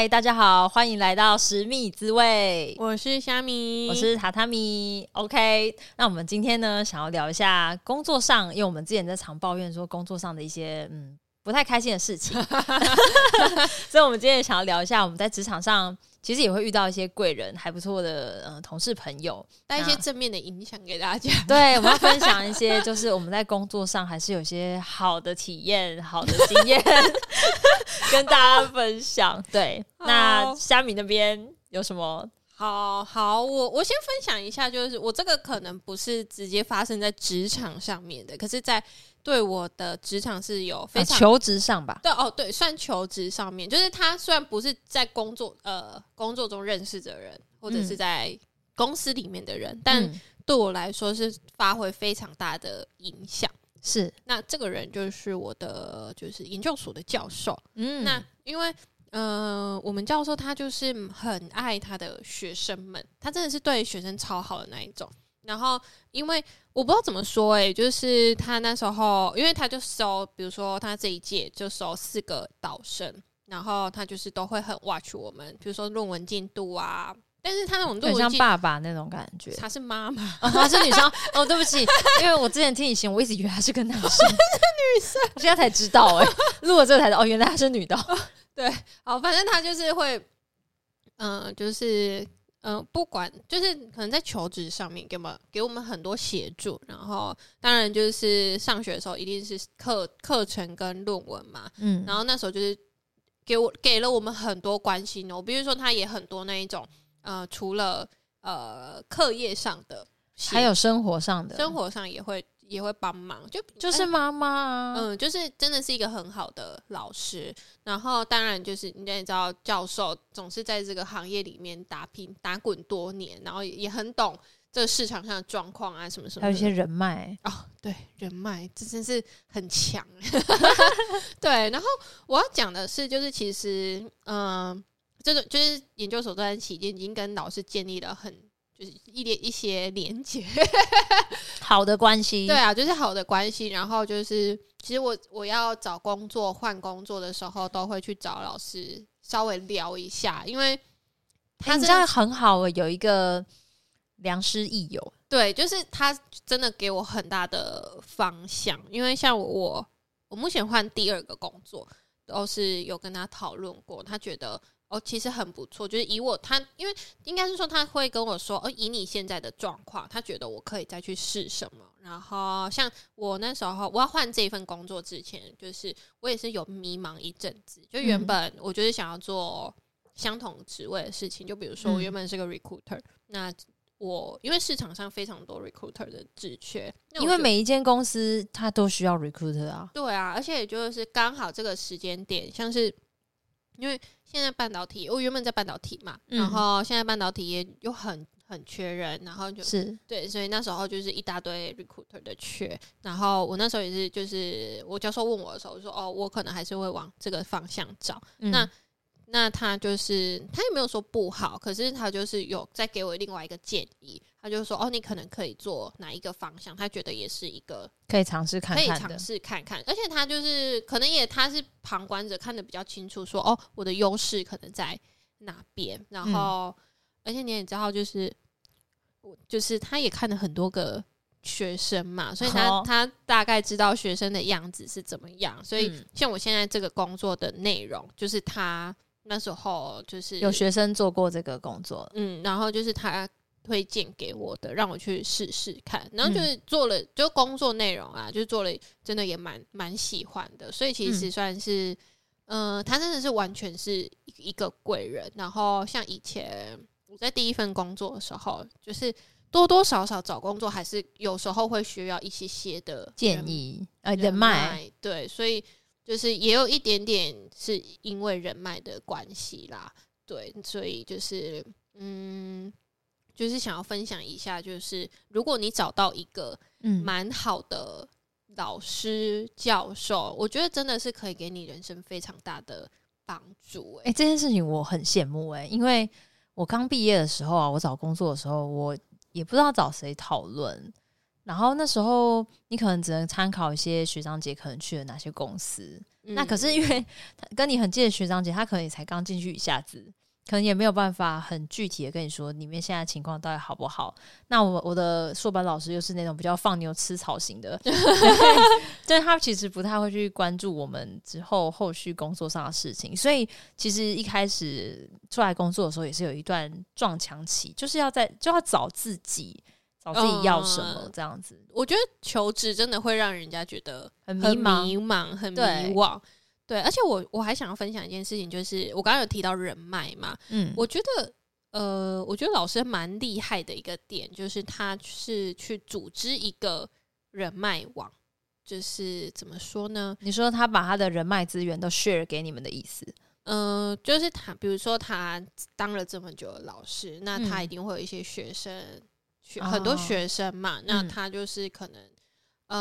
嗨，大家好，歡迎來到拾米滋味。我是蝦米，我是榻榻米。OK，那我們今天呢，想要聊一下工作上，因為我們之前在常抱怨說工作上的一些嗯不太開心的事情， 所以我們今天想要聊一下我們在職場上其實也會遇到一些貴人，還不錯的嗯、呃、同事朋友，帶一些正面的影響給大家。 對，我們要分享一些，就是我們在工作上還是有些好的體驗、好的經驗。 跟大家分享， 對，那蝦米那邊有什麼？好好，我我先分享一下，就是我這個可能不是直接發生在職場上面的，可是在對我的職場是有非常、啊、求職上吧？對，哦，對，算求職上面，就是他雖然不是在工作呃工作中認識的人，或者是在公司裡面的人，嗯、但對我來說是發揮非常大的影響。是，那這個人就是我的，就是研究所的教授。嗯，那因為呃，我們教授他就是很愛他的學生們，他真的是對學生超好的那一種。然後，因為我不知道怎麼說，欸，哎，就是他那時候，因為他就收，比如說他這一屆就收四個導生，然後他就是都會很 watch 我們，比如說論文進度啊。但是他那種很像爸爸那種感覺，他是媽媽、哦，他是女生 哦。對不起，因為我之前聽你形容，我一直以為他是個男生， 女生，現在才知道哎、欸，錄了之後才知道 哦，原來他是女的，、哦哦。對，好、哦，反正他就是會，嗯、呃，就是嗯、呃，不管就是可能在求職上面給我們給我們很多協助，然後當然就是上學的時候一定是課課程跟論文嘛、嗯，然後那時候就是給我給了我們很多關心哦，比如說他也很多那一種。呃，除了呃，課業上的，還有生活上的，生活上也會也會幫忙，就就是媽媽，哎，嗯，就是真的是一個很好的老師。然後當然就是你也知道，教授總是在這個行業裡面打拼打滾多年，然後也，也很懂這個市場上的狀況啊，什麼什麼，還有一些人脈哦，對，人脈這真是很強。 對，然後我要講的是，就是其實嗯。呃就是就是研究所這段期間已經跟老師建立了很就是一連一些連接 好的關係。對啊，就是好的關係。然後就是其實我我要找工作換工作的時候，都會去找老師稍微聊一下，因為他、欸、這樣很好、欸，有一個良師益友。對，就是他真的給我很大的方向，因為像我我目前換第二個工作，都是有跟他討論過，他覺得。哦，其實很不錯，就是以我他，因為應該是說他會跟我說，哦，以你現在的狀況，他覺得我可以再去試什麼。然後像我那時候，我要換這一份工作之前，就是我也是有迷茫一陣子。就原本我就是想要做相同職位的事情，就比如說我原本是個 recruiter，嗯，那我因為市場上非常多 recruiter 的職缺，因為每一間公司它都需要 recruiter 啊。對啊，而且也就是剛好這個時間點，像是。因為現在半導體，我原本在半導體嘛，嗯、然後現在半導體也又很很缺人，然後就是對，所以那時候就是一大堆 recruiter 的缺，然後我那時候也是，就是我教授問我的時候我說，哦，我可能還是會往這個方向找。嗯、那那他就是他也沒有說不好，可是他就是有再給我另外一個建議。就是說，哦，你可能可以做哪一個方向？他覺得也是一個可以嘗試看，可以嘗試看看，看看。而且他就是可能也，他是旁觀者看得比較清楚，說，哦，我的優勢可能在哪邊？然後、嗯，而且你也知道、就是，就是我就是他也看了很多個學生嘛，所以他他大概知道學生的樣子是怎麼樣。所以像我現在這個工作的內容、嗯，就是他那時候就是有學生做過這個工作，嗯，然後就是他。推薦給我的，讓我去試試看。然後就是做了，嗯、就工作內容啊，就做了，真的也蠻蠻喜歡的。所以其實算是，嗯、呃，他真的是完全是一一個貴人。然後像以前我在第一份工作的時候，就是多多少少找工作還是有時候會需要一些些的建議，呃、啊，人脈、啊。對，所以就是也有一點點是因為人脈的關係啦。對，所以就是嗯。就是想要分享一下，就是如果你找到一個嗯蠻好的老師、嗯、教授，我覺得真的是可以給你人生非常大的幫助、欸。哎、欸，這件事情我很羨慕誒、欸，因為我剛畢業的時候啊，我找工作的時候，我也不知道找誰討論。然後那時候你可能只能參考一些學長姐可能去了哪些公司。嗯、那可是因為跟你很近的學長姐，他可能也才剛進去一下子。可能也沒有辦法很具體的跟你說，裡面現在情況到底好不好？那我我的碩班老師又是那種比較放牛吃草型的 對，但他其實不太會去關注我們之後後續工作上的事情，所以其實一開始出來工作的時候也是有一段撞牆期，就是要在就要找自己，找自己要什麼這樣子。嗯、我覺得求職真的會讓人家覺得很迷茫，很迷茫，很迷惘。對，而且我我還想要分享一件事情，就是我剛剛有提到人脈嘛，嗯，我覺得呃，我覺得老師蠻厲害的一個點，就是他是去組織一個人脈網，就是怎麼說呢？你說他把他的人脈資源都 share 給你們的意思？嗯、呃，就是他比如說他當了這麼久的老師，那他一定會有一些學生，嗯、學很多學生嘛、哦，那他就是可能、嗯、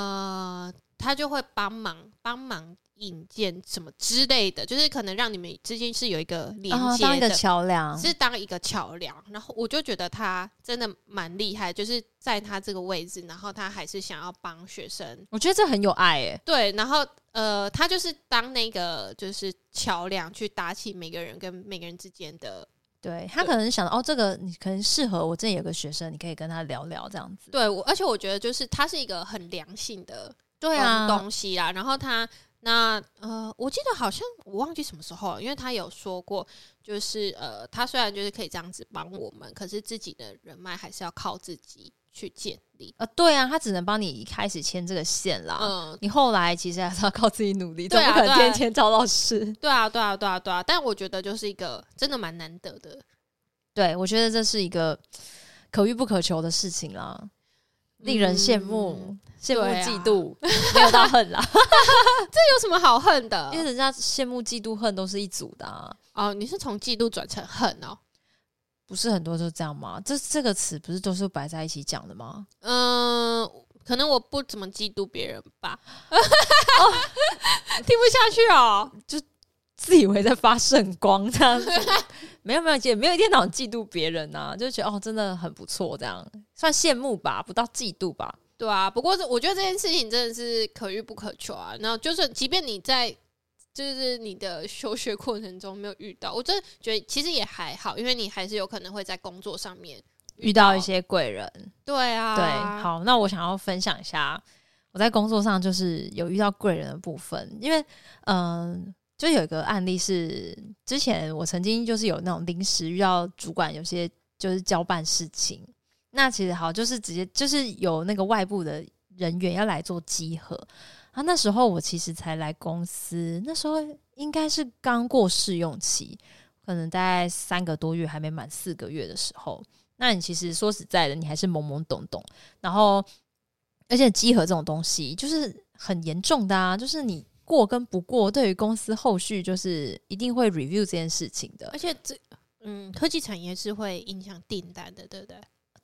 呃，他就會幫忙幫忙。引薦什麼之類的，就是可能讓你們之間是有一個連接的橋、oh, 梁，是當一個橋梁。然後我就覺得他真的蠻厲害，就是在他這個位置，然後他還是想要幫學生。我覺得這很有愛誒、欸。對，然後呃，他就是當那個就是橋梁，去搭起每個人跟每個人之間的。對他可能想哦，這個你可能適合我這裡有個學生，你可以跟他聊聊這樣子。對，我而且我覺得就是他是一個很良性的對啊、嗯、東西啊，然後他。那呃，我記得好像我忘記什麼時候了，因為他有說過，就是呃，他雖然就是可以這樣子幫我們，可是自己的人脈還是要靠自己去建立。呃，對啊，他只能幫你一開始牽這個線啦。嗯，你後來其實還是要靠自己努力，對啊，總不可能對啊，天天找老師。對啊，對啊，對啊，對啊。但我覺得就是一個真的蠻難得的。對，我覺得這是一個可遇不可求的事情啦。令人羨慕、嗯、羨慕嫉妒，啊、沒有到恨啦。 這有什麼好恨的？因為人家羨慕、嫉妒、恨都是一組的啊。哦，你是從嫉妒轉成恨哦？不是很多都這樣嗎？這這個詞不是都是擺在一起講的嗎？嗯、呃，可能我不怎麼嫉妒別人吧。 哦、 聽不下去哦，就。自以為在發聖光這樣， 沒有沒有也沒有一天老嫉妒別人吶、啊，就覺得哦真的很不錯這樣，算羨慕吧，不到嫉妒吧，對啊。不過這我覺得這件事情真的是可遇不可求啊。然後就是，即便你在就是你的求學過程中沒有遇到，我真的覺得其實也還好，因為你還是有可能會在工作上面遇到，遇到一些貴人。對啊，對，好，那我想要分享一下我在工作上就是有遇到貴人的部分，因為嗯。呃就有一個案例是，之前我曾經就是有那種臨時遇到主管有些就是交辦事情，那其實好就是直接就是有那個外部的人員要來做集合。啊，那時候我其實才來公司，那時候應該是剛過試用期，可能大概三個多月還沒滿四個月的時候。那你其實說實在的，你還是懵懵懂懂，然後而且集合這種東西就是很嚴重的啊，就是你。過跟不過，對於公司後續就是一定會 review 這件事情的。而且這，這嗯，科技產業是會影響訂單的，對不對，對？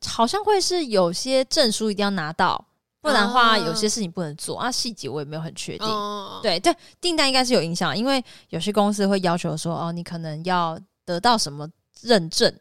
好像會是有些證書一定要拿到，不然的話有些事情不能做啊。細、啊、節我也沒有很確定。對、哦、對，訂單應該是有影響，因為有些公司會要求說，哦，你可能要得到什麼認證，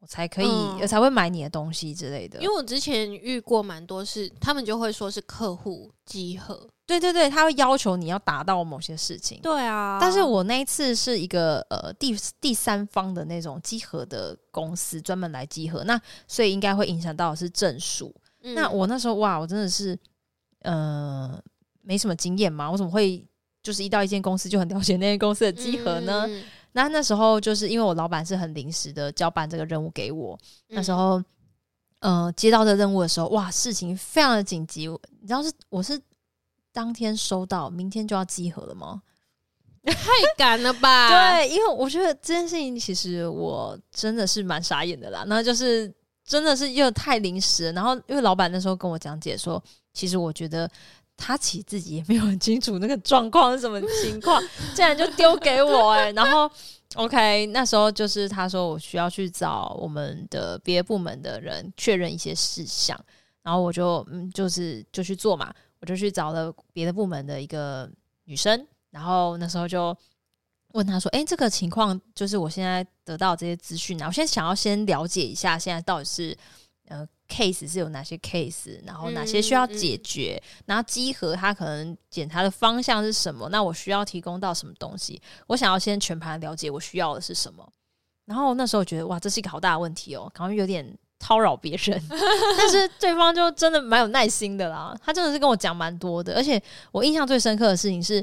我才可以、嗯、才會買你的東西之類的。因為我之前遇過蠻多事，他們就會說是客戶集合。對對對，他會要求你要達到某些事情。對啊，但是我那一次是一個呃第第三方的那種集合的公司，專門來集合，那所以應該會影響到的是證書，嗯。那我那時候哇，我真的是呃沒什麼經驗嘛，我怎麼會就是一到一間公司就很了解那間公司的集合呢？嗯？那那時候就是因為我老板是很臨時的交辦這個任務給我，那時候嗯、呃、接到這任務的時候，哇，事情非常的緊急，你知道是我是。當天收到，明天就要集合了嗎？ 太趕了吧！ 對，因為我覺得這件事情其實我真的是蠻傻眼的啦。那就是真的是又太臨時，然後因為老闆那時候跟我講解說，其實我覺得他其實自己也沒有很清楚那個狀況是什麼情況， 竟然就丟給我哎、欸。 然後 OK，那時候就是他說我需要去找我們的別的部門的人確認一些事項，然後我就嗯，就是就去做嘛。我就去找了別的部門的一個女生，然後那時候就問她說：“誒、欸，這個情況就是我現在得到這些資訊，然後我現在想要先了解一下，現在到底是呃 case 是有哪些 case，然後哪些需要解決，嗯嗯、然後稽核她可能檢查的方向是什麼？那我需要提供到什麼東西？我想要先全盤了解我需要的是什麼？然後那時候我覺得哇，這是一個好大的問題哦、喔，可能有點。”騷擾別人，但是對方就真的蠻有耐心的啦。他真的是跟我講蠻多的，而且我印象最深刻的事情是，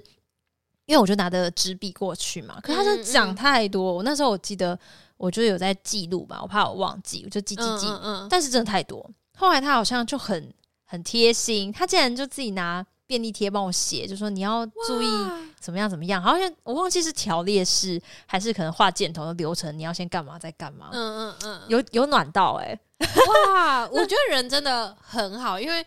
因為我就拿着紙筆過去嘛，可是他真的講太多嗯嗯。我那時候我記得，我就有在記錄嘛，我怕我忘記，我就記記記。但是真的太多，後來他好像就很很貼心，他竟然就自己拿。便利貼幫我寫，就是、說你要注意怎麼樣怎麼樣，好像我忘記是條列式還是可能畫箭頭的流程，你要先幹嘛再幹嘛。嗯嗯嗯，有有暖到哎、欸，哇！ 我覺得人真的很好，因為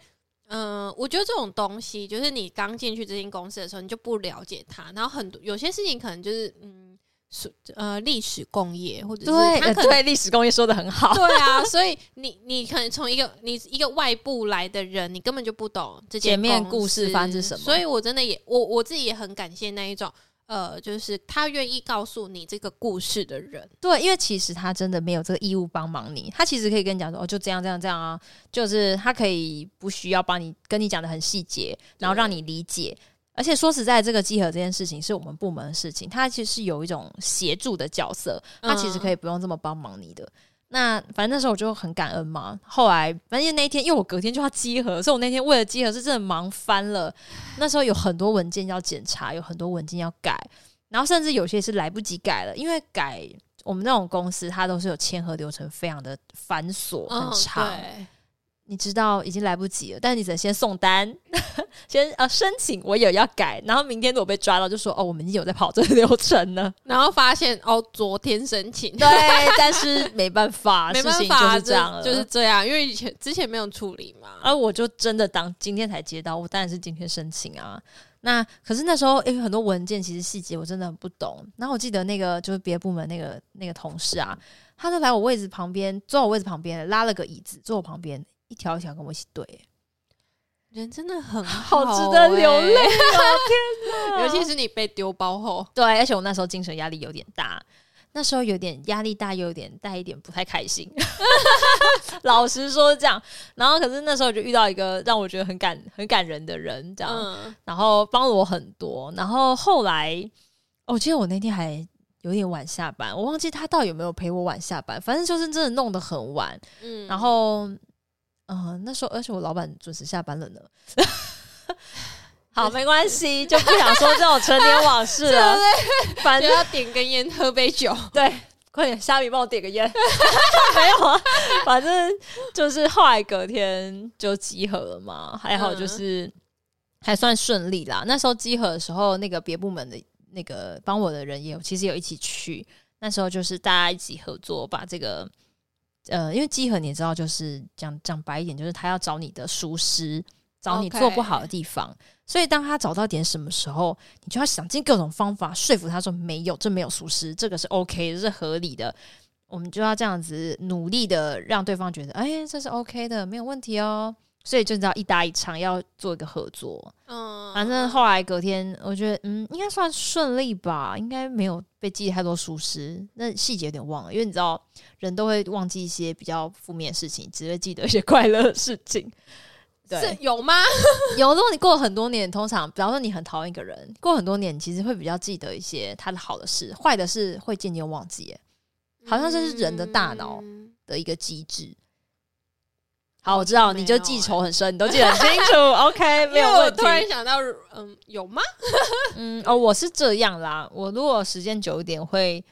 嗯、呃，我覺得這種東西就是你剛進去這間公司的時候，你就不了解他，然後很多有些事情可能就是嗯。是呃，歷史共業或者是他對歷史共業說的很好。對啊，所以你你可能從一個你一個外部來的人，你根本就不懂這前面故事發生什麼。所以我真的也我我自己也很感謝那一種呃，就是他願意告訴你這個故事的人。對，因為其實他真的沒有這個義務幫忙你，他其實可以跟你講說哦，就這樣這樣這樣啊，就是他可以不需要幫你跟你講得很細節，然後讓你理解。而且說實在，這個集合這件事情是我們部門的事情，他其實是有一種協助的角色，他其實可以不用這麼幫忙你的，嗯。那反正那時候我就很感恩嘛。後來反正那一天，因為我隔天就要集合，所以我那天為了集合是真的忙翻了。那時候有很多文件要檢查，有很多文件要改，然後甚至有些是來不及改了，因為改我們那種公司，它都是有簽核流程，非常的繁瑣，很長。哦你知道已經來不及了，但是你只能先送單，先啊申請，我也要改，然後明天如果被抓到，就說哦我們已經有在跑這個流程了，然後發現哦昨天申請，對，但是沒辦、沒辦法，事情就是這樣就，就是這樣，因為以前之前沒有處理嘛，而、啊、我就真的當今天才接到，我當然是今天申請啊，那可是那時候因為、欸、很多文件其實細節我真的很不懂，然後我記得那個就是別的部門那個那個同事啊，他就來我位置旁邊，坐我位置旁邊拉了個椅子坐我旁邊。一條想跟我一起懟、欸，人真的很好、欸，好值得流淚。天哪！尤其是你被丟包後， 對，而且我那時候精神壓力有點大，那時候有點壓力大，又有點帶一點不太開心。 老實說，這樣。然後，可是那時候就遇到一個讓我覺得很感、很感人的人，這樣。嗯、然後幫了我很多。然後後來，我記得我那天還有點晚下班，我忘記他到底有沒有陪我晚下班。反正就是真的弄得很晚。嗯、然後。嗯，那時候而且我老闆準時下班了呢， 好沒關係， 就不想說這種陳年往事了。是是，反正就要點根菸，喝杯酒，對，快點，蝦米幫我點個菸， 沒有啊。反正就是後來隔天就集合了嘛，還好就是還算順利啦，嗯。那時候集合的時候，那個別部門的那個幫我的人也有，其實有一起去。那時候就是大家一起合作，把這個。呃，因為稽核，你也知道，就是講講白一點，就是他要找你的疏失，找你做不好的地方。Okay. 所以，當他找到點什麼時候，你就要想盡各種方法說服他說，沒有，這沒有疏失，這個是 OK，這是合理的。我們就要這樣子努力的讓對方覺得，哎、欸，這是 OK 的，沒有問題哦。所以就你知道一搭一唱，要做一個合作，嗯，反正後來隔天我覺得嗯應該算順利吧，應該沒有被記得太多疏失。那細節有點忘了，因為你知道人都會忘記一些比較負面的事情，只會記得一些快樂的事情。對，有嗎？ 有。如果你過了很多年，通常比方說你很討厭一個人，過很多年其實會比較記得一些他的好的事，壞的事會漸漸忘記。好像這是人的大腦的一個機制。嗯好，我知道、啊，你就記仇很深，你都記得很清楚。 OK，沒有，因為我突然想到，嗯，有嗎？ 嗯，哦，我是這樣啦。我如果時間久一點，會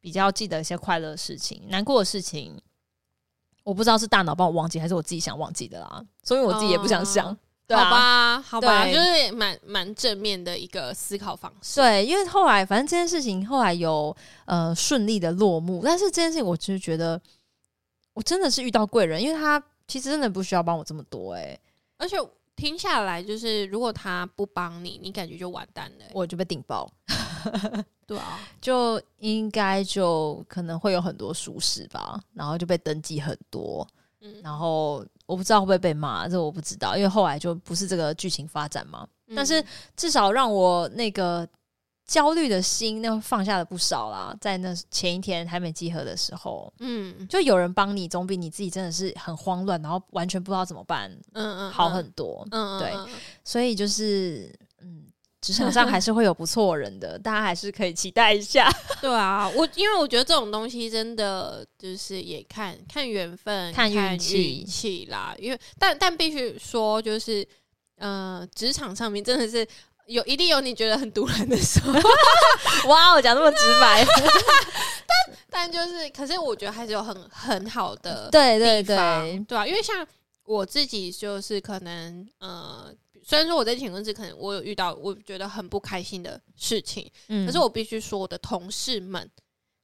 比較記得一些快樂的事情，難過的事情，我不知道是大腦幫我忘記，還是我自己想忘記的啦。所以我自己也不想想，哦、對、啊、好吧，好吧，就是蠻蠻正面的一個思考方式。對，因為後來，反正這件事情後來有呃順利的落幕，但是這件事情，我其實覺得我真的是遇到貴人，因為他。其實真的不需要幫我這麼多哎、欸，而且聽下來就是，如果他不幫你，你感覺就完蛋了、欸，我就被頂包。 對啊，就應該就可能會有很多疏失吧，然後就被登記很多，嗯、然後我不知道會不會被罵，這我不知道，因為後來就不是這個劇情發展嘛、嗯。但是至少讓我那個。焦慮的心那放下了不少啦，在那前一天還沒集合的時候，嗯，就有人幫你，總比你自己真的是很慌亂，然後完全不知道怎麼辦，嗯嗯，嗯，好很多，嗯，嗯，嗯，對，所以就是，嗯，職場上還是會有不錯人的呵呵，大家還是可以期待一下。對啊，我因為我覺得這種東西真的就是也看看緣分，看運氣啦，因為但但必須說就是，呃，職場上面真的是。有一定有你覺得很毒人的時候， 哇！我講那麼直白， 但但就是，可是我覺得還是有很很好的，對對對對啊！因為像我自己就是可能呃，雖然說我在前公司可能我有遇到我覺得很不開心的事情，可、嗯、是我必須說我的同事們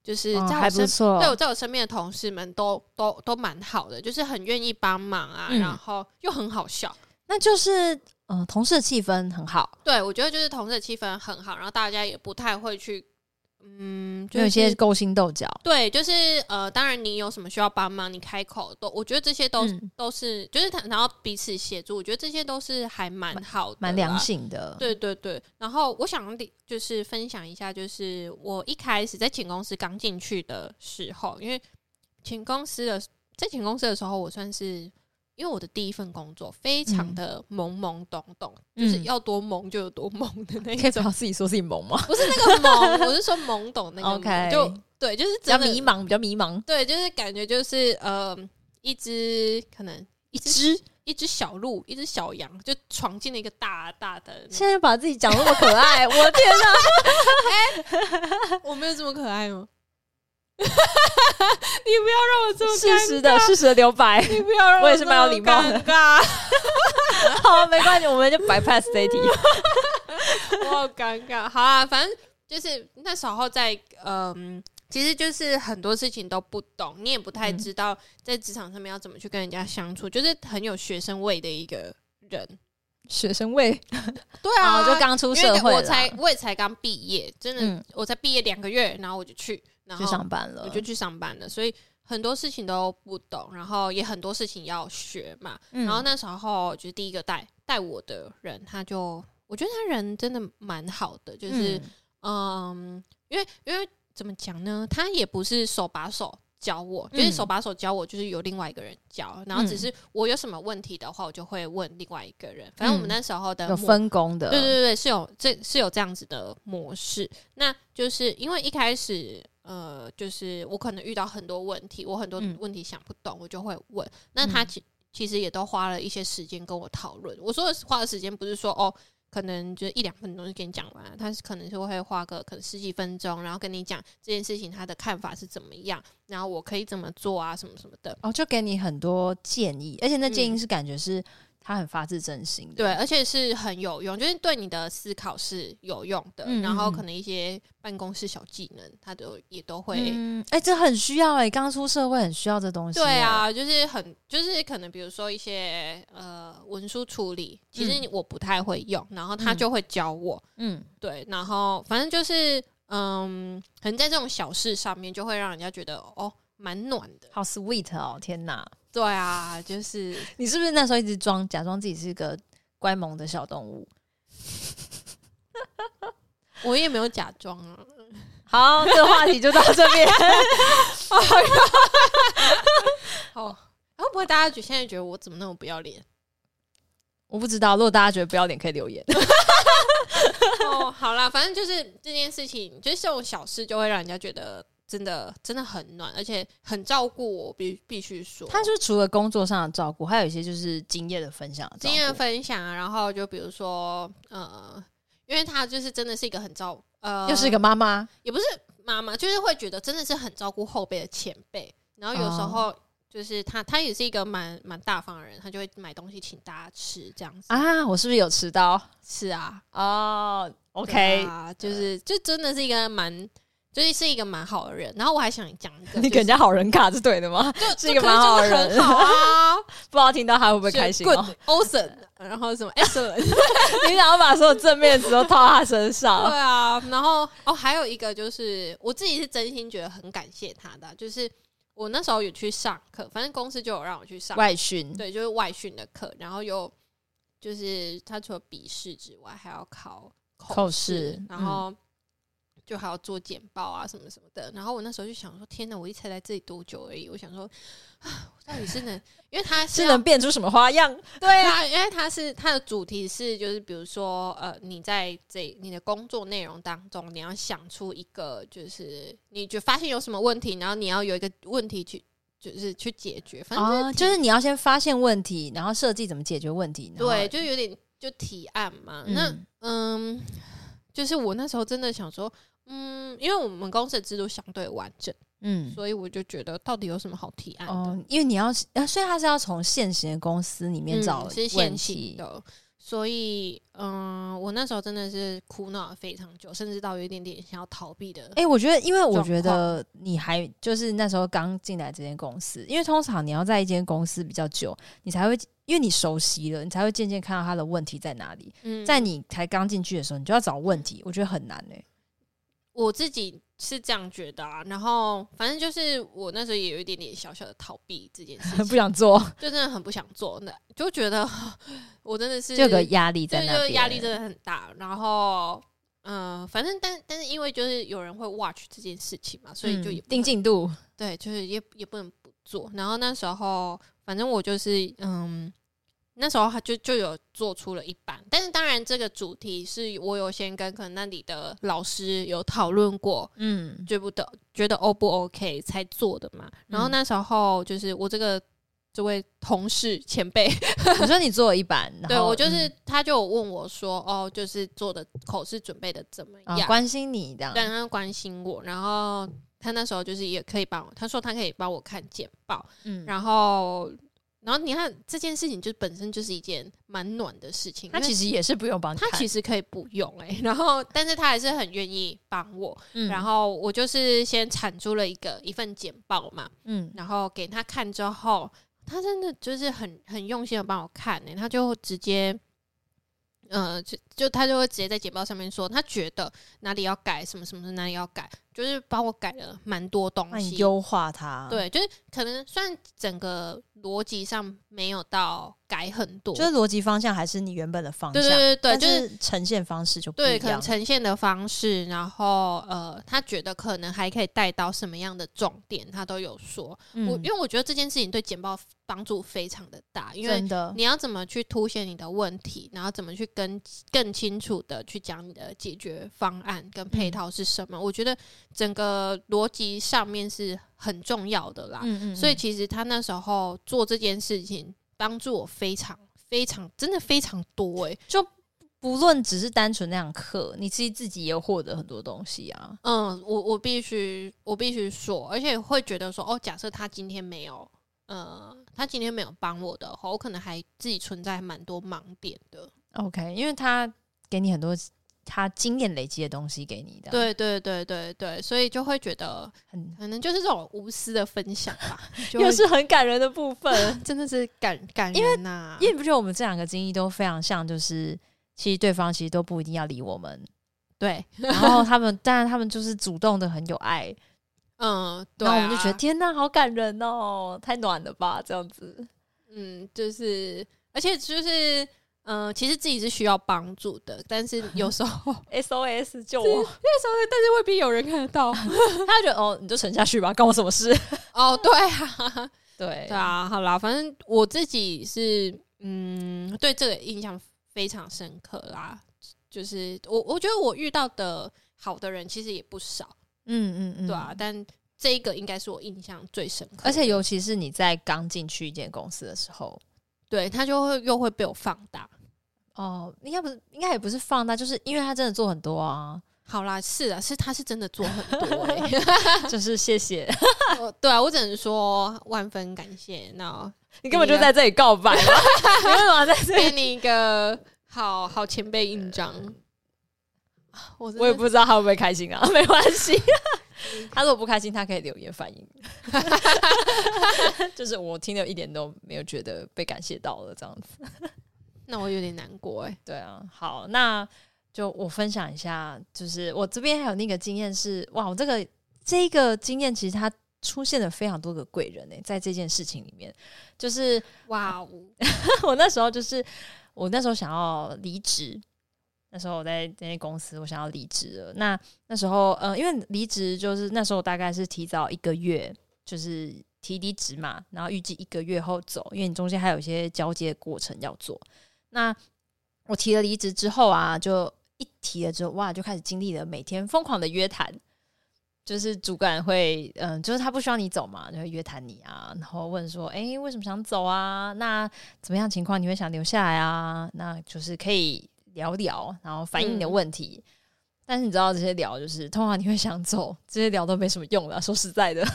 就是這、哦、不錯，對我在我身邊的同事們都都都蠻好的，就是很願意幫忙啊、嗯，然後又很好笑，那就是。嗯、呃，同事的氣氛很好。對，我覺得就是同事的氣氛很好，然後大家也不太會去，嗯，就是、有些勾心鬥角。對，就是呃，當然你有什麼需要幫忙，你開口都，我覺得這些都是、嗯、都是，就是然後彼此協助，我覺得這些都是還蠻好、啊，蠻良心的。對對對，然後我想就是分享一下，就是我一開始在前公司剛進去的時候，因為前公司的在前公司的時候，我算是。因為我的第一份工作非常的懵懵懂懂，嗯、就是要多懵就有多懵的那、嗯。那你可以說自己說自己懵嗎？不是那個懵，我是說懵懂那個懵。 就對，就是比較迷茫，比較迷茫。對，就是感覺就是呃，一隻可能一隻一隻小鹿，一隻小羊就闖進了一個大大的。現在把自己講那麼可愛， 我天哪！哎、 欸， 我沒有這麼可愛嗎？哈， 你不要讓我這麼尷尬。事實的事實的留白， 你不要讓我，我也是蠻有禮貌的。 好，沒關係，我們就 bypass 這題。 我好尷尬。好啊，反正就是那時候在，嗯、呃，其實就是很多事情都不懂，你也不太知道在職場上面要怎麼去跟人家相處，就是很有學生味的一個人。學生味，對啊，我、啊、就剛出社會，我才我也才剛畢業，真的、嗯、我才畢業兩個月，然後我就去。然後去上班了，我就去上班了，所以很多事情都不懂，然後也很多事情要學嘛。嗯、然後那時候就是第一個帶帶我的人，他就我覺得他人真的蠻好的，就是嗯、呃，因為因為怎麼講呢，他也不是手把手教我，嗯、就是手把手教我，就是有另外一個人教，嗯、然後只是我有什麼問題的話，我就會問另外一個人。反正我們那時候的有分工的，對對對對，是有這是有這樣子的模式。那就是因為一開始。呃，就是我可能遇到很多問題，我很多問題想不懂，嗯、我就會問。那他其、嗯、其實也都花了一些時間跟我討論。我說的花的時間不是說哦，可能就一兩分鐘就給你講完了，他是可能就會花個可能十幾分鐘，然後跟你講這件事情他的看法是怎麼樣，然後我可以怎麼做啊，什麼什麼的。哦，就給你很多建議，而且那建議是感覺是。嗯他很發自真心的，對，而且是很有用，就是對你的思考是有用的。嗯、然後可能一些辦公室小技能，他都也都會。哎、嗯欸，這很需要哎、欸，剛出社會很需要這東西，喔。對啊，就是很就是可能比如說一些呃文書處理，其實我不太會用，嗯，然後他就會教我。嗯，對，然後反正就是嗯，可能在這種小事上面，就會讓人家覺得哦，蠻暖的。好 sweet 哦，喔，天哪！對啊，就是你是不是那時候一直裝假裝自己是個乖萌的小動物？ 我也沒有假裝啊。好，這個、話題就到這邊。哦、 啊啊，會不會大家覺得現在覺得我怎麼那麼不要臉？ 我不知道，如果大家覺得不要臉，可以留言。 哦，好啦，反正就是這件事情，就是這種小事，就會讓人家覺得。真的真的很暖，而且很照顧我，我必必須說。他就除了工作上的照顧，還有一些就是經驗的分享的。經驗分享啊，然後就比如說，呃，因為他就是真的是一個很照，呃，又是一個媽媽，也不是媽媽，就是會覺得真的是很照顧後輩的前輩。然後有時候就是他，嗯、他也是一個蠻蠻大方的人，他就會買東西請大家吃這樣子啊。我是不是有遲到？是啊，哦啊，OK，就是就真的是一個蠻。就是是一個蠻好的人，然後我還想講一個、就是，你給人家好人卡是對的嗎？就，就是一個蠻好的人。好啊！ 不知道聽到他會不會開心哦？Awesome 然後什麼 excellent 你想要把所有正面詞都套在他身上？ 對啊，然後哦，還有一個就是我自己是真心覺得很感謝他的，就是我那時候有去上課，反正公司就有讓我去上外訓，對，就是外訓的課，然後又就是他除了筆試之外還要考口試，嗯，然後。就還要做簡報啊，什麼什麼的。然後我那時候就想說：“天哪，我一才來這裡多久而已！”我想說：“啊，我到底是能，因為他是， 是能變出什麼花樣？”對啊， 因為他是他的主題是，就是比如說，呃，你在這你的工作內容當中，你要想出一個，就是你就發現有什麼問題，然後你要有一個問題去，就是去解決。反正就是、啊就是、你要先發現問題，然後設計怎麼解決問題。對，就有點就提案嘛。嗯那嗯，就是我那時候真的想說。嗯，因為我們公司的制度相對完整，嗯，所以我就覺得到底有什麼好提案的？嗯、因為你要，所以他是要從現行的公司裡面找問題、嗯、是現行的，所以嗯，我那時候真的是苦惱了非常久，甚至到有一點點想要逃避的。誒、欸，我覺得，因為我覺得你還就是那時候剛進來這間公司，因為通常你要在一間公司比較久，你才會因為你熟悉了，你才會漸漸看到他的問題在哪裡。嗯，在你才剛進去的時候，你就要找問題，嗯、我覺得很難哎、欸。我自己是這樣覺得啊，然後反正就是我那時候也有一點點小小的逃避這件事情，不想做，就真的很不想做，那就覺得我真的是這個壓力在那邊，壓力真的很大。然後嗯、呃，反正但但是因為就是有人會 watch 這件事情嘛，所以就也不、嗯、定進度，對，就是也也不能不做。然後那時候反正我就是嗯。那時候他就就有做出了一版，但是當然這個主題是我有先跟可能那裡的老師有討論過，嗯，覺得覺得 O 不 OK 才做的嘛，嗯。然後那時候就是我這個這位同事前輩，我說，你做了一版， 對我就是，嗯、他就有問我說，哦，就是做的口試準備的怎麼樣？啊，關心你這樣。對他關心我。然後他那時候就是也可以幫我，他說他可以幫我看簡報，嗯，然後。然後你看這件事情，就本身就是一件蠻暖的事情。他其實也是不用幫，他其實可以不用哎、欸。然後，但是他還是很願意幫我。嗯、然後我就是先產出了一個一份簡報嘛、嗯，然後給他看之後，他真的就是很很用心的幫我看呢、欸。他就直接，呃，就就他就會直接在簡報上面說，他覺得哪裡要改，什麼什麼什麼，哪裡要改，就是幫我改了蠻多東西，優化他，對，就是可能算整個邏輯上沒有到改很多，就是邏輯方向還是你原本的方向，對對對，就是呈現方式就不一樣、就是、對，可能呈現的方式，然後呃，他覺得可能還可以帶到什麼樣的重點，他都有說。嗯、我因為我覺得這件事情對簡報幫助非常的大，因為你要怎麼去凸顯你的問題，然後怎麼去跟跟。更清楚的去講你的解決方案跟配套是什麼，我覺得整個邏輯上面是很重要的啦。所以其實他那時候做這件事情，幫助我非常非常真的非常多誒、欸。就不論只是單純那堂課，你自己自己也獲得很多東西啊。嗯，我我必須我必須說，而且會覺得說哦，假設他今天沒有嗯、呃，他今天沒有幫我的話，我可能還自己存在蠻多盲點的。OK，因為他給你很多他經驗累積的東西給你的，對對對對對，所以就會覺得很可能就是這種無私的分享吧，就 又是很感人的部分， 真的是感感人、啊，因為吶，因為你不覺得我們這兩個經歷都非常像，就是其實對方其實都不一定要理我們，對，然後他們但 他們就是主動的很有愛，嗯，對啊、然後我們就覺得天哪、啊，好感人哦，太暖了吧，這樣子，嗯，就是而且就是。嗯、呃，其實自己是需要幫助的，但是有時候 SOS 救我，但是未必有人看得到。 他就覺得 哦，你就沉下去吧，關我什麼事？哦，對啊，對啊，對啊，對啊，好啦，反正我自己是嗯，對這個印象非常深刻啦。就是我，我覺得我遇到的好的人其實也不少，嗯嗯嗯，對啊。但這一個應該是我印象最深刻，而且尤其是你在剛進去一間公司的時候。對他就會又會被我放大哦，應該不是，應該也不是放大，就是因為他真的做很多啊。好啦，是啊，是他是真的做很多、欸，哎， 就是謝謝、 呃。對啊，我只能說萬分感謝。那、no, 你根本就在這裡告白了，為什麼在這裡給你一個好好前輩印章？呃、我我也不知道他會不會開心啊， 沒關係係。 他如果不開心，他可以留言反映。 就是我聽了一點都沒有覺得被感謝到了這樣子，那我有點難過、欸、對啊，好，那就我分享一下，就是我這邊還有那個經驗是，哇，我這個這個經驗其實它出現了非常多個貴人哎、欸，在這件事情裡面，就是哇，wow. 我那時候就是我那時候想要離職。那時候我在那間公司，我想要離職了。那那時候，嗯，因為離職就是那時候大概是提早一個月，就是提離職嘛，然後預計一個月後走，因為你中間還有一些交接的過程要做。那我提了離職之後啊，就一提了之後，哇，就開始經歷了每天瘋狂的約談，就是主管會，嗯，就是他不需要你走嘛，就會約談你啊，然後問說，誒、欸，為什麼想走啊？那怎麼樣情況你會想留下來啊？那就是可以。聊聊，然後反映你的問題。嗯，但是你知道這些聊就是通常你會想走，這些聊都沒什麼用了。說實在的，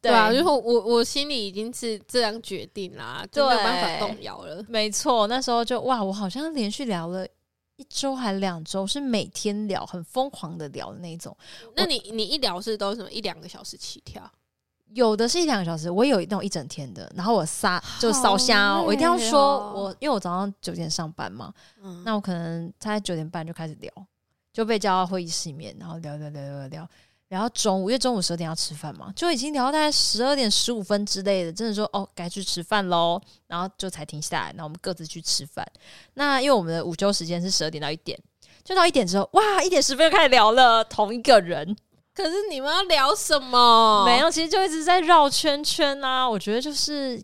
對啊，如果我我心裡已經是這樣決定啦，就沒有辦法動搖了。沒錯，那時候就哇，我好像連續聊了一周還兩周，是每天聊，很瘋狂的聊的那種。那你你一聊是都什麼一兩個小時起跳？有的是一兩個小時，我有那種一整天的。然後我殺就燒香、哦哦，我一定要說我，我因為我早上九點上班嘛，嗯、那我可能在九點半就開始聊，就被叫到會議室裡面，然後聊聊聊聊聊，然後中午因為中午十二點要吃飯嘛，就已經聊到大概十二點十五分之類的。真的說哦，該去吃飯嘍，然後就才停下來。那我們各自去吃飯。那因為我們的午休時間是十二點到一點，就到一點之後，哇，一點十分就開始聊了，同一個人。可是你們要聊什麼？沒有，其實就一直在繞圈圈啊。我覺得就是，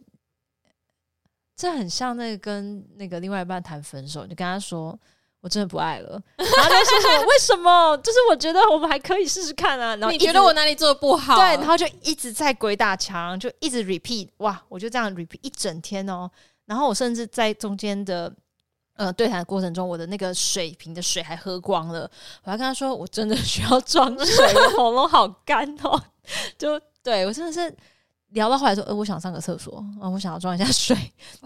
這很像那個跟那個另外一半談分手，就跟他說我真的不愛了，然後他就說說 為什麼？就是我覺得我們還可以試試看啊。然後你覺得我哪裡做得不好？對，然後就一直在鬼打牆，就一直 repeat。哇，我就這樣 repeat 一整天哦。然後我甚至在中間的。呃，對談的過程中，我的那個水瓶的水還喝光了，我要跟他說，我真的需要裝水， 喉嚨好乾哦。就對我真的是聊到後來說，說、呃，我想上個廁所、呃，我想要裝一下水，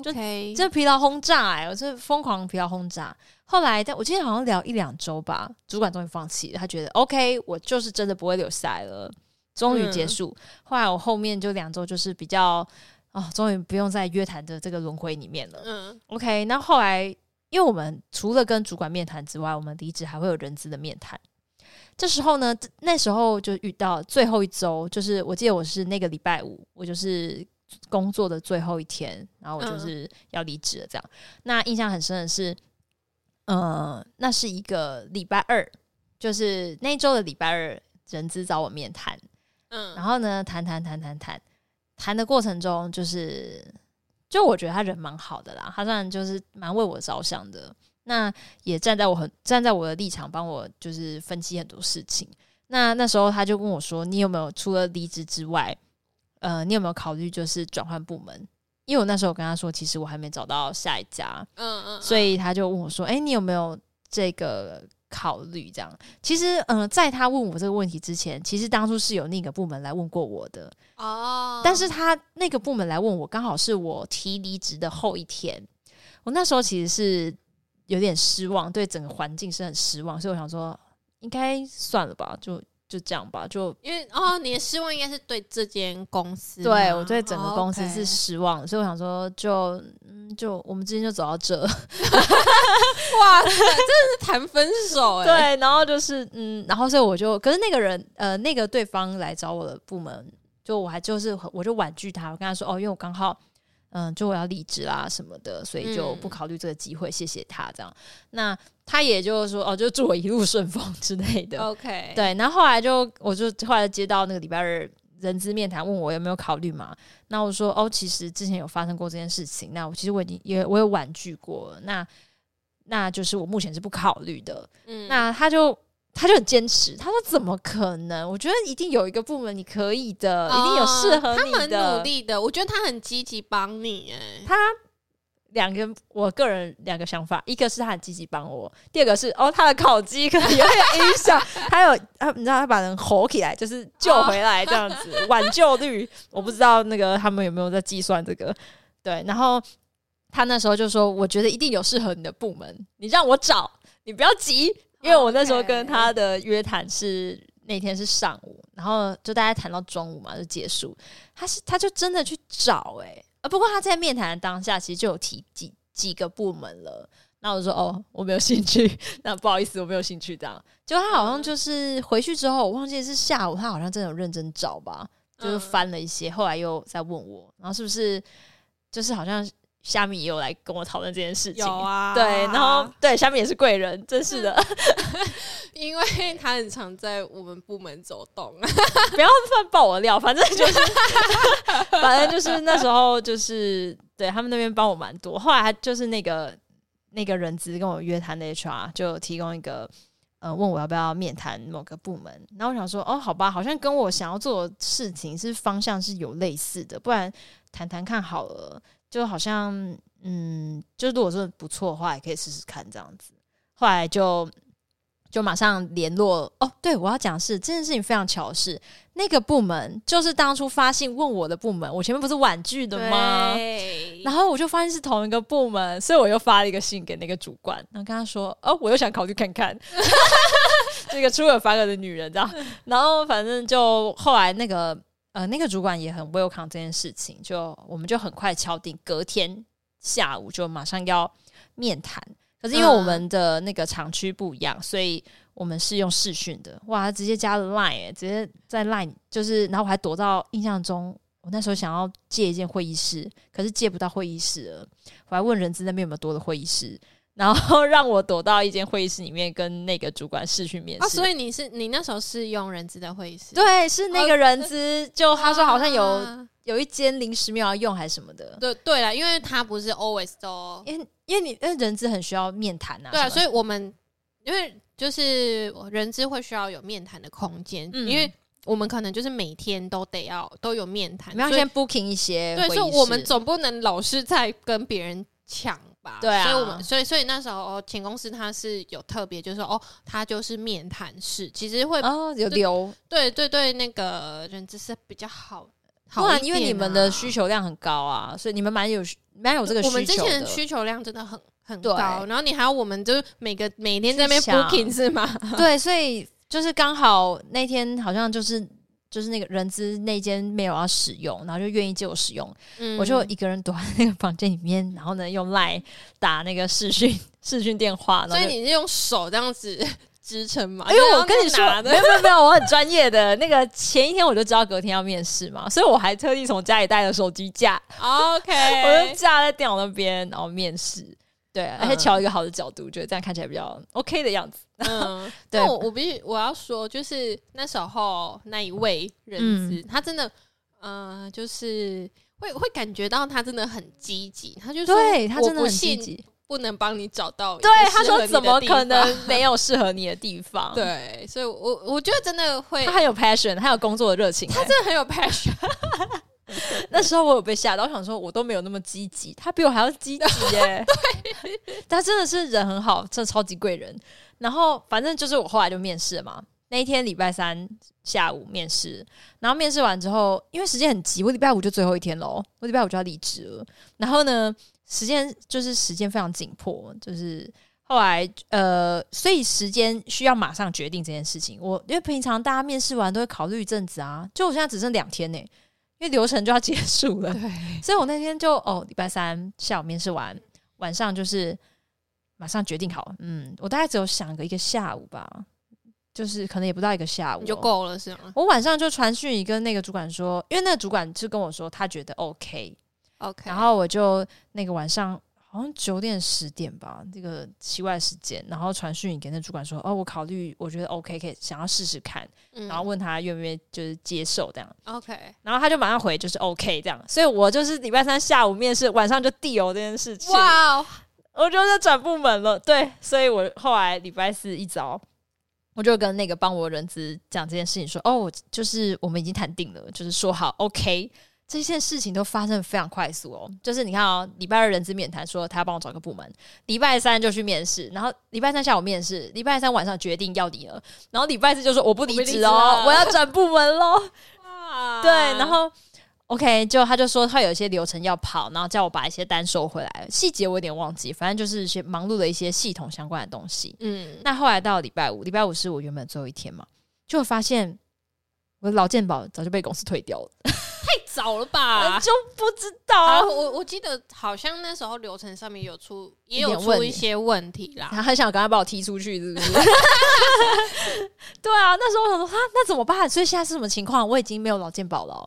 就、okay. 這疲勞轟炸、欸，哎，我這瘋狂疲勞轟炸。後來，但我今天好像聊一兩周吧，主管終於放棄了，他覺得，OK，我就是真的不會留下來了，終於結束。嗯、後來我後面就兩周，就是比較啊、哦，終於不用再約談的這個輪回裡面了。嗯，OK，那後,後來。因為我們除了跟主管面談之外，我們離職還會有人資的面談。這時候呢，那時候就遇到最後一周，就是我記得我是那個禮拜五，我就是工作的最後一天，然後我就是要離職了。這樣，那印象很深的是，嗯、呃，那是一個禮拜二，就是那一周的禮拜二，人資找我面談。嗯，然後呢，談談談談談，談談的過程中就是。就我覺得他人蠻好的啦，他當然就是蠻為我着想的，那也站在我很站在我的立場幫我就是分析很多事情。那那時候他就問我說：“你有沒有除了離職之外，呃，你有沒有考慮就是轉換部門？”因為我那時候跟他說，其實我還沒找到下一家，嗯嗯嗯，所以他就問我說：“哎、欸，你有沒有這個？”考慮這樣，其實，嗯、呃，在他問我這個問題之前，其實當初是有另一個部門來問過我的哦。Oh. 但是他那個部門來問我，剛好是我提離職的後一天。我那時候其實是有點失望，對整個環境是很失望，所以我想說，應該算了吧，就。就這樣吧，就因為哦，你的失望應該是對這間公司，對我對整個公司是失望，哦 okay，所以我想說就，就就我們之間就走到這， 哇塞， 真的是談分手哎，欸，對，然後就是嗯，然後所以我就，可是那個人呃，那個對方來找我的部門，就我還就是我就婉拒他，我跟他說哦，因為我剛好。嗯，就我要離職啦什麼的，所以就不考慮這個機會，嗯，謝謝他這樣。那他也就說哦，就祝我一路順風之類的。OK，對。那後,後來就，我就後來接到那個禮拜日人資面談，問我有沒有考慮嘛？那我說哦，其實之前有發生過這件事情，那我其實我已經也我有婉拒過，那那就是我目前是不考慮的。嗯，那他就。他就很堅持，他說：“怎麼可能？我覺得一定有一個部門你可以的，oh, 一定有適合你的。”他很努力的，我覺得他很積極幫你。他兩個，我個人兩個想法：一個是他很積極幫我；第二個是哦，他的烤雞可能有點影響。 他有啊，你知道他把人吼起來，就是救回來這樣子，oh. 挽救率我不知道那個他們有沒有在計算這個。對，然後他那時候就說：“我覺得一定有適合你的部門，你讓我找，你不要急。”因為我那時候跟他的約談是 okay, okay. 那天是上午，然後就大家談到中午嘛就結束。他是他就真的去找，哎、欸，啊不過他在面談的當下其實就有提幾幾個部門了。那我說哦，我沒有興趣，那不好意思，我沒有興趣這樣。結果他好像就是回去之後我忘記是下午，他好像真的有認真找吧，就是翻了一些，嗯、後來又再問我，然後是不是就是好像。蝦米也有來跟我討論這件事情有，啊，有對，然後對，蝦米也是貴人，嗯、真是的，因為他很常在我們部門走動 ， 不要亂爆我料，反正就是， 反正就是那時候就是對，他們那邊幫我蠻多，後來就是那個那個人資跟我約談的 HR，啊，就提供一個呃問我要不要面談某個部門，然後我想說哦好吧，好像跟我想要做的事情是方向是有類似的，不然談談看好了。就好像，嗯，就如果說不錯的話，也可以試試看這樣子。後來就就馬上聯絡。哦，對，我要講的是這件事情非常巧是，是那個部門就是當初發信問我的部門，我前面不是婉拒的嗎？然後我就發現是同一個部門，所以我又發了一個信給那個主管，然後跟他說，哦，我又想考慮看看，那 個出爾反爾的女人，這樣。然後反正就後來那個。呃，那個主管也很 welcome 這件事情，就我們就很快敲定，隔天下午就馬上要面談。可是因為我們的那個廠區不一樣，啊，所以我們是用視訊的。哇，直接加了 Line 欸，直接在 Line，就是然後我還躲到印象中，我那時候想要借一間會議室，可是借不到會議室了，我還問人資那邊有沒有多的會議室。然後讓我躲到一間會議室裡面，跟那個主管室去面試。啊，所以你是你那時候是用人資的會議室？對，是那個人資，oh, 就他說好像有、啊、有一間臨時沒有要用還是什麼的。對對啦，因為他不是 always 都，因為因為你那人資很需要面談啊。對啊，所以我們因為就是人資會需要有面談的空間，嗯，因為我們可能就是每天都得要都有面談，你要先 booking 一些。對，所以我們總不能老是在跟別人搶。對啊，所以我們所以所以那時候前公司它是有特別，就是說哦，它就是面談式，其實會哦，有留對對對，那個人資是比較好，不然因為你們的需求量很高啊，所以你們蠻有蠻有這個需求，我們之前的需求量真的很很高。然後你還有我們就是每個每天在那邊 booking 是嗎？對，所以就是剛好那天好像就是。就是那個人資那間沒有要使用，然後就願意借我使用、嗯，我就一個人躲在那個房間裡面，然後呢用 line 打那個視訊視訊電話，所以你是用手這樣子支撐嘛？因、哎、為、就是、我跟你說，沒有沒有沒有， 我很專業的。那個前一天我就知道隔天要面試嘛，所以我還特地從家裡帶了手機架，OK，我就架在電腦那邊，然後面試。對，、啊，而且喬一個好的角度、嗯，覺得這樣看起來比較 OK 的樣子。嗯， 對，但我，我我必須我要說，就是那時候那一位人資，嗯、他真的，呃，就是會會感覺到他真的很積極。他就說對，他真的很積極，不能幫你找到你的地方。對，他說怎麼可能沒有適合你的地方？ 對，所以我，我我覺得真的會，他很有 passion，他有工作的熱情，他真的很有 passion。 那時候我有被嚇到，我想說我都沒有那麼積極，他比我還要積極耶。 對，他真的是人很好，真的超級貴人。然後反正就是我後來就面試嘛，那一天禮拜三下午面試，然後面試完之後，因為時間很急，我禮拜五就最後一天嘍，我禮拜五就要離職了。然後呢，時間就是時間非常緊迫，就是後來呃，所以時間需要馬上決定這件事情。我因為平常大家面試完都會考慮一陣子啊，就我現在只剩兩天呢、欸。因為流程就要結束了，所以我那天就哦，禮拜三下午面試完，晚上就是馬上決定好，嗯，我大概只有想個一個下午吧，就是可能也不到一個下午就夠了，是嗎？我晚上就傳訊，你跟那個主管說，因為那個主管就跟我說，他覺得 OK，OK，、OK, okay. 然後我就那個晚上。好像九點十點吧，這個奇怪時間，然後傳訊給那主管說：“哦，我考慮，我覺得 OK，可以想要試試看、嗯，然後問他願不願意，就是接受這樣。OK，然後他就馬上回，就是 OK 這樣。所以我就是禮拜三下午面試，晚上就 deal 這件事情。哇、wow、我就是轉部門了。對，所以我後來禮拜四一早，我就跟那個幫我人資講這件事情說：哦，就是我們已經談定了，就是說好 OK。”這件事情都發生的非常快速哦，就是你看哦，禮拜二人資面談說他要幫我找個部門，禮拜三就去面試，然後禮拜三下午面試，禮拜三晚上決定要你了，然後禮拜四就說我不離職哦，我，我要轉部門嘍， 對，然後 OK，就他就說他有一些流程要跑，然後叫我把一些單收回來，細節我有點忘記，反正就是一些忙碌的一些系統相關的東西，嗯，那後來到禮拜五，禮拜五是我原本最後一天嘛，就發現我的老健保早就被公司退掉了，嘿。 早了吧、嗯？就不知道。我我記得好像那時候流程上面有出也有出一些問題啦。他很想趕快把我踢出去，是不是？ 對啊，那時候我想說，蛤，那怎麼辦？所以現在是什麼情況？我已經沒有勞健保了。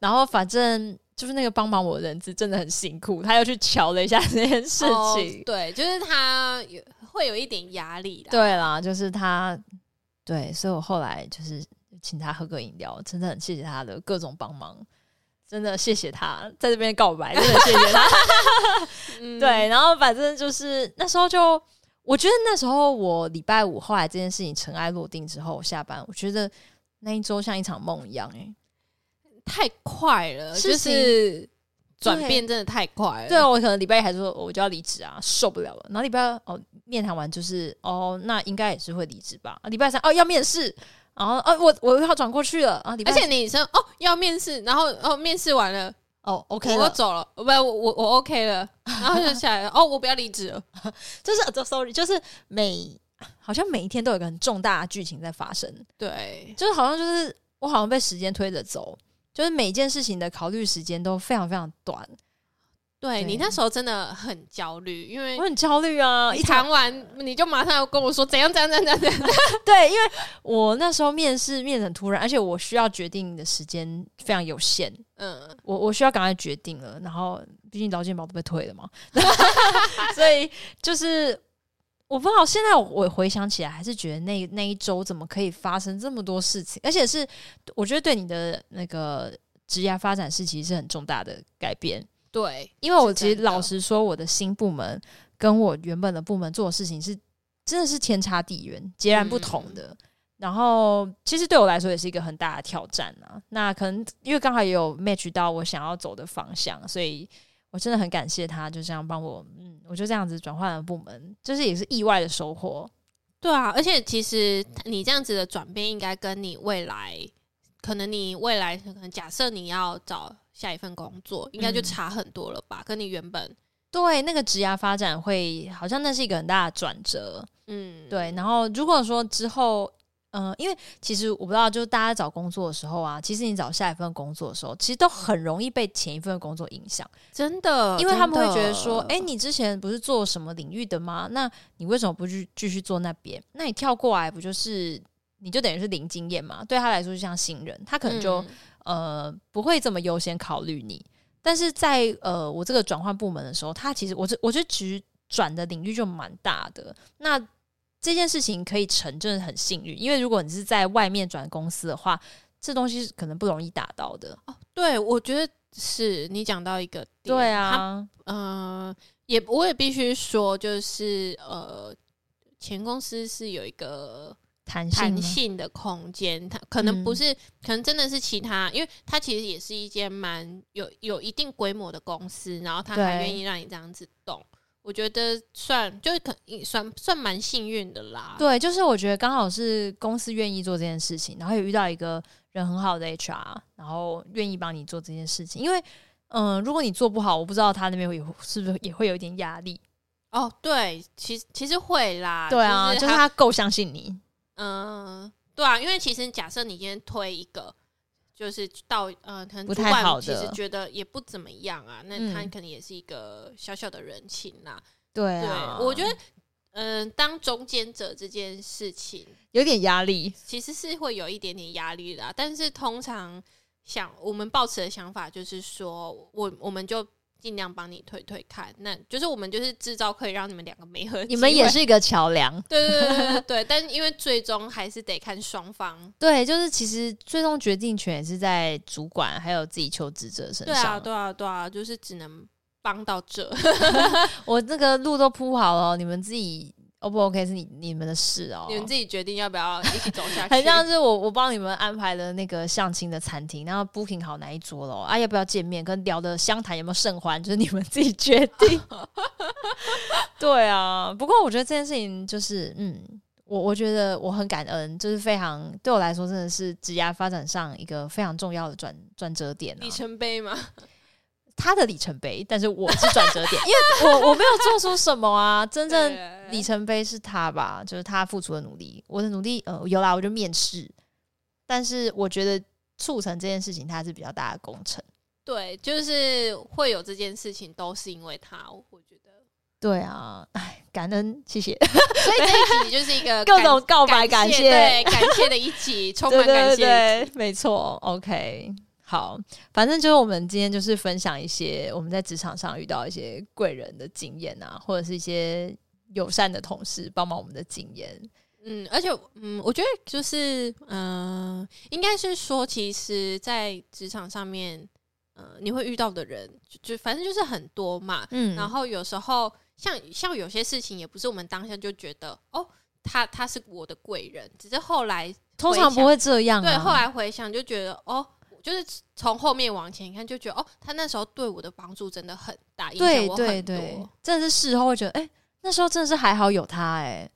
然後反正就是那個幫忙我的人，子真的很辛苦。他又去瞧了一下這件事情，哦、對，就是他有會有一點壓力的。對啦，就是他，對，所以，我後來就是請他喝個飲料，真的很謝謝他的各種幫忙。真的謝謝他，在這邊告白，真的謝謝他。 對，然後反正就是那時候就，我覺得那時候我禮拜五後來這件事情塵埃落定之後下班，我覺得那一周像一場夢一樣，欸，太快了，就是轉變真的太快了。對，對我可能禮拜一還是說我就要離職啊，受不了了。然後禮拜二哦，面談完就是哦，那應該也是會離職吧。啊，禮拜三哦要面試。然後，啊、我我又要轉過去了啊！而且女生哦，要面試，然後哦，面試完了，哦，OK，我要走了，不，我我，我 OK 了，然後就起來了。 哦，我不要離職了，就是、哦，sorry，就是每好像每一天都有一個很重大的劇情在發生，對，就是好像就是我好像被時間推着走，就是每件事情的考慮時間都非常非常短。對，對你那時候真的很焦慮，因為我很焦慮啊！一談完，一談完你就馬上要跟我說怎樣怎樣怎樣怎樣。 對，因為我那時候面試面很突然，而且我需要決定的時間非常有限。嗯，我我需要趕快決定了。然後畢竟勞健保都被退了嘛， 所以就是我不知道。現在我回想起來，還是覺得那那一周怎麼可以發生這麼多事情？而且是我覺得對你的那個職業發展是其實是很重大的改變。對，因為我其實老實說，我的新部門跟我原本的部門做的事情是真的是天差地遠，截然不同的。嗯、然後其實對我來說也是一個很大的挑戰啊。那可能因為剛好也有 match 到我想要走的方向，所以我真的很感謝他，就這樣幫我，嗯，我就這樣子轉換了部門，就是也是意外的收穫。對啊，而且其實你這樣子的轉變，應該跟你未來，可能你未來可能假設你要找。下一份工作應該就差很多了吧？嗯、跟你原本對那個職涯發展會，好像那是一個很大的轉折。嗯，對。然後如果說之後，嗯、呃，因為其實我不知道，就是大家找工作的時候啊，其實你找下一份工作的時候，其實都很容易被前一份工作影響，真的，因為他們會覺得說，誒，你之前不是做什麼領域的嗎？那你為什麼不去繼,繼續做那邊？那你跳過來不就是你就等於是零經驗嘛？對他來說就像新人，他可能就。嗯呃，不會這麼優先考慮你，但是在呃，我這個轉換部門的時候，他其實我這我覺得其實轉的領域就蠻大的。那這件事情可以成，真的很幸運，因為如果你是在外面轉公司的話，這東西可能不容易達到的。哦，對，我覺得是你講到一個點，對啊，嗯、呃，也我也必須說，就是呃，前公司是有一個。彈性，性的空間，他可能不是、嗯，可能真的是其他，因為他其實也是一間蠻有有一定規模的公司，然後他還願意讓你這樣子動，我覺得算就是可算算蠻幸運的啦。對，就是我覺得剛好是公司願意做這件事情，然後有遇到一個人很好的 HR，然後願意幫你做這件事情，因為嗯、呃，如果你做不好，我不知道他那邊有是不是也會有一點壓力？哦，對，其實其實會啦，對啊，就是、就是、他夠相信你。嗯，對啊，因為其實假設你今天推一個，就是到呃，可能主管其實覺得也不怎麼樣啊、嗯，那他可能也是一個小小的人情啦。對啊，對我覺得，嗯，當中間者這件事情有點壓力，其實是會有一點點壓力的、啊。但是通常想我們抱持的想法就是說，我我們就。儘量幫你推推看，那就是我們就是製造可以讓你們兩個沒合。你們也是一個橋梁。 對對對對， 但因為最終還是得看雙方，對，就是其實最終決定權是在主管還有自己求職者身上，對啊對啊對啊，就是只能幫到這， 我那個路都鋪好了喔，你們自己。O、oh, 不 OK 是你你們的事哦、喔，你們自己決定要不要一起走下去。 很像是我我幫你們安排的那個相親的餐廳，然後 Booking 好哪一桌嘍，啊要不要見面跟聊的相談有沒有甚歡，就是你們自己決定。 對啊，不過我覺得這件事情就是，嗯，我我覺得我很感恩，就是非常對我來說真的是職業發展上一個非常重要的轉轉折點、喔，里程碑嘛。他的里程碑，但是我是轉折點，因為我我沒有做出什麼啊， 真正里程碑是他吧，就是他付出的努力，我的努力呃有啦，我就面試，但是我覺得促成這件事情他是比較大的工程，對，就是會有這件事情，都是因為他，我覺得，對啊，哎，感恩，謝謝， 所以這一集就是一個各種告白，感謝，對，感謝的一集，充滿感謝，對對對對，沒錯，OK。好，反正就是我們今天就是分享一些我們在職場上遇到一些貴人的經驗啊，或者是一些友善的同事幫忙我們的經驗。嗯，而且嗯，我覺得就是嗯、呃，應該是說，其實，在職場上面，嗯、呃，你會遇到的人就就反正就是很多嘛。嗯，然後有時候像像有些事情，也不是我們當下就覺得哦，他他是我的貴人，只是後來通常不會這樣、啊。對，後來回想就覺得哦。就是從後面往前看，就覺得哦，他那時候對我的幫助真的很大，影響我很多。對對對，真的是事後覺得，哎、欸，那時候真的是還好有他、欸，哎、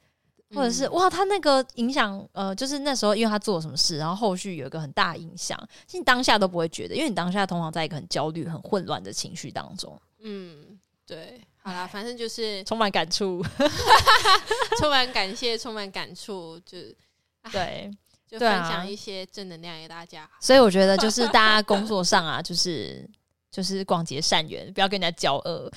嗯，或者是哇，他那個影響，呃，就是那時候因為他做了什麼事，然後後續有一個很大影響，其實你當下都不會覺得，因為你當下通常在一個很焦慮、很混亂的情緒當中。嗯，對。好啦，反正就是充滿感觸，充滿感， 感謝，充滿感觸，就對。就分享一些正能量給大家，啊，所以我覺得就是大家工作上啊、就是 就是，就是就是廣結善緣，不要跟人家交惡，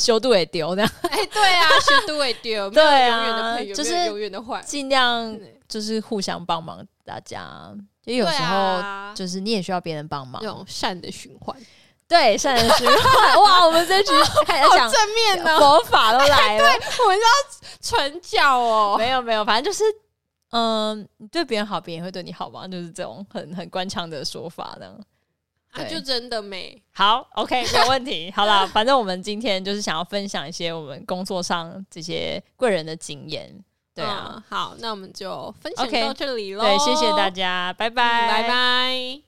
修度也丟樣哎、欸，對啊，修度也丟，對啊，有有就是盡量就是互相幫忙。大家因為有時候就是你也需要別人幫忙，有善的循環，對善的循環。 哇，我們這局、哦、好正面的、哦、佛法都來了， 對，我們要傳教哦，沒有沒有，反正就是。嗯，你對別人好，別人也會對你好吧？就是這種很很官腔的說法呢。啊，就真的沒好，OK，沒問題。 好啦，反正我們今天就是想要分享一些我們工作上這些貴人的經驗，對啊、嗯。好，那我們就分享到這裡嘍。Okay, 對，謝謝大家，拜拜，嗯、拜拜。